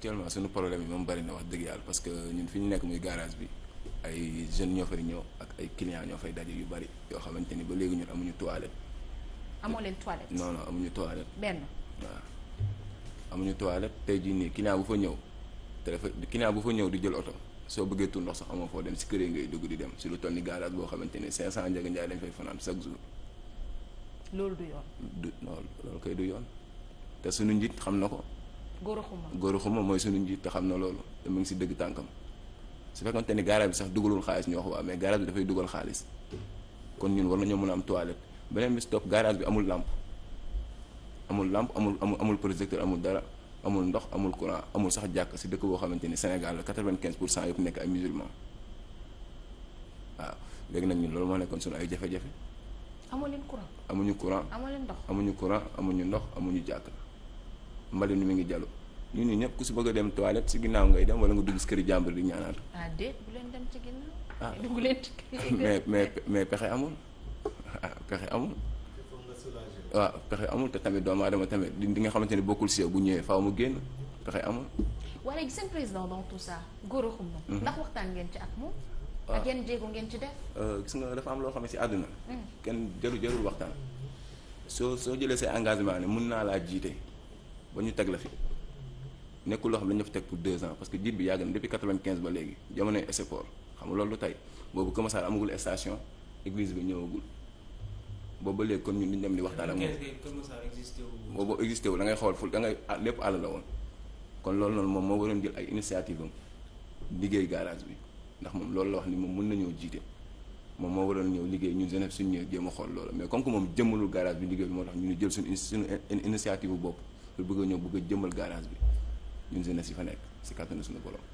actuellement suñu problème yi moom bari na wax dëgg yàlla parce que ñun fi ñu nekk muy garage bi ay jeunes ñoo fay ñëw ak ay clients ñoo fay daje yu bari yoo xamante ni ba léegi ñun amuñu toilette. amoo leen toilette non non amuñu toilette. benn waaw amuñu toilette tey jii nii client bu fa ñëw te dafa client bu fa ñëw di jël oto soo bëggee tur ndox sax amoo foo dem si kër yi ngay dugg di dem si lu toll ni garage boo xamante ni 500 njëg njaay lañ fay fanaan chaque jour. loolu du yoon. du loolu loolu yoon te suñu njiit xam na ko. góor xuma góor xuma mooy sunu njiit te xam na loolu te mu ngi si dëgg tànkam su fekkante ni garage bi sax dugalul xaalis ñu wax waa mais garage bi dafay dugal xaalis kon ñun war nañoo mën a am toilette beneen bi si topp bi amul làmp amul làmp amul amul amul projecteur amul dara amul ndox amul courant amul sax jàkk si dëkk boo xamante ni Sénégal la quatre-vingt-quinze pour cent yëpp nekk ay léegi nag ñun loolu moo nekkoon sunu ay jafe-jafe. amuñu courant amuñu courant amuñu ndox amuñu ñu ndox amuñu jàkk mbalinu mi ngi jalu ñu ni ñëpp ku si bëgg a dem toilette si ginnaaw ngay dem wala nga dugg si këri jàmbur di ñaanal. ah bu leen dem ci ginnaaw. Ah. mais mais mais pexe amul ah pexe amul. waaw ah, pexe amul te tamit doomu aadama tamit di nga xamante ne bokkul si bu ñëwee faaw mu génn pexe amul. wala seen président dans tout ça Gora Khouma. Mhm. ndax waxtaan ngeen ci ak moom. Ah. ak yenn jéego ngeen ci def. Euh, gis nga dafa am loo xam ne si àdduna. Mhm. kenn jarul jarul waxtaan. soo soo jëlee say engagement ne mun naa laa jiite. ba ñu teg la fi nekkul loo xam ne dañu fa teg pour deux ans parce que jiit bi yàgg na depuis quatre-vingt-quinze ba léegi jamonoy Esseport xam nga loolu tey boobu Kër Masar amagul station église bi ñëwagul boobu ba léegi kon ñun ñu dem di waxtaan ak moom. Kër Masar existé wu. boobu existé wu da ngay xool fu da ngay ah, lépp àll la woon kon loolu noonu moom moo waroon jël ay initiative am liggéey garage bi ndax moom loolu la wax ni moom mën nañoo jiite moom moo waroon ñëw liggéey a moo tax ñu jël suñu suñu initiative bopp bëgg a ñëw bëgg a jëmal gaanaas bi ñun jeunesse yi fa nekk si kàttan suñu borom.